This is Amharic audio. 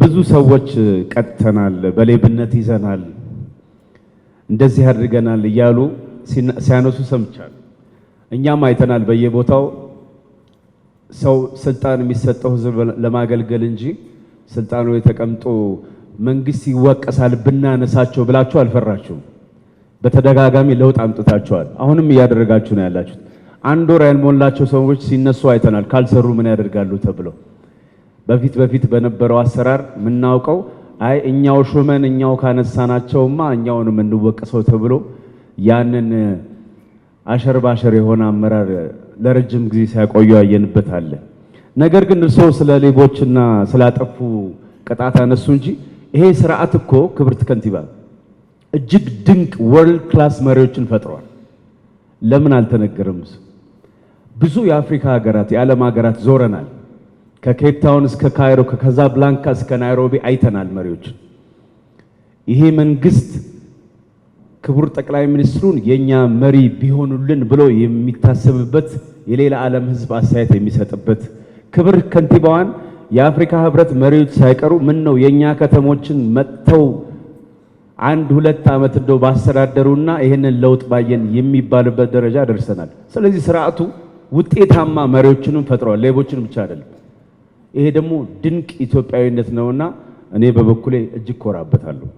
ብዙ ሰዎች ቀጥተናል፣ በሌብነት ይዘናል፣ እንደዚህ አድርገናል እያሉ ሲያነሱ ሰምቻል። እኛም አይተናል በየቦታው ሰው ስልጣን የሚሰጠው ህዝብ ለማገልገል እንጂ ስልጣኑ የተቀምጦ መንግስት ይወቀሳል ብናነሳቸው ብላችሁ አልፈራችሁም። በተደጋጋሚ ለውጥ አምጥታችኋል። አሁንም እያደረጋችሁ ነው ያላችሁት። አንድ ወር ያልሞላቸው ሰዎች ሲነሱ አይተናል። ካልሰሩ ምን ያደርጋሉ ተብለው በፊት በፊት በነበረው አሰራር የምናውቀው አይ እኛው ሹመን እኛው ካነሳናቸውማ እኛውን የምንወቅሰው ተብሎ ያንን አሸር ባሸር የሆነ አመራር ለረጅም ጊዜ ሲያቆዩ ያየንበት አለ። ነገር ግን እርስዎ ስለ ሌቦችና ስላጠፉ ቅጣት አነሱ እንጂ ይሄ ስርዓት እኮ ክብርት ከንቲባ እጅግ ድንቅ ወርልድ ክላስ መሪዎችን ፈጥሯል። ለምን አልተነገረም? ብዙ የአፍሪካ ሀገራት፣ የዓለም ሀገራት ዞረናል። ከኬፕ ታውን እስከ ካይሮ ከካዛብላንካ እስከ ናይሮቢ አይተናል መሪዎችን። ይሄ መንግስት ክቡር ጠቅላይ ሚኒስትሩን የኛ መሪ ቢሆኑልን ብሎ የሚታሰብበት የሌላ ዓለም ህዝብ አስተያየት የሚሰጥበት ክብር ከንቲባዋን የአፍሪካ ህብረት መሪዎች ሳይቀሩ ምን ነው የኛ ከተሞችን መጥተው አንድ ሁለት ዓመት እንደው ባስተዳደሩና ይህንን ለውጥ ባየን የሚባልበት ደረጃ ደርሰናል። ስለዚህ ስርዓቱ ውጤታማ መሪዎችንም ፈጥሯል፣ ሌቦችን ብቻ አይደለም። ይሄ ደግሞ ድንቅ ኢትዮጵያዊነት ነውና እኔ በበኩሌ እጅግ ኮራበታለሁ።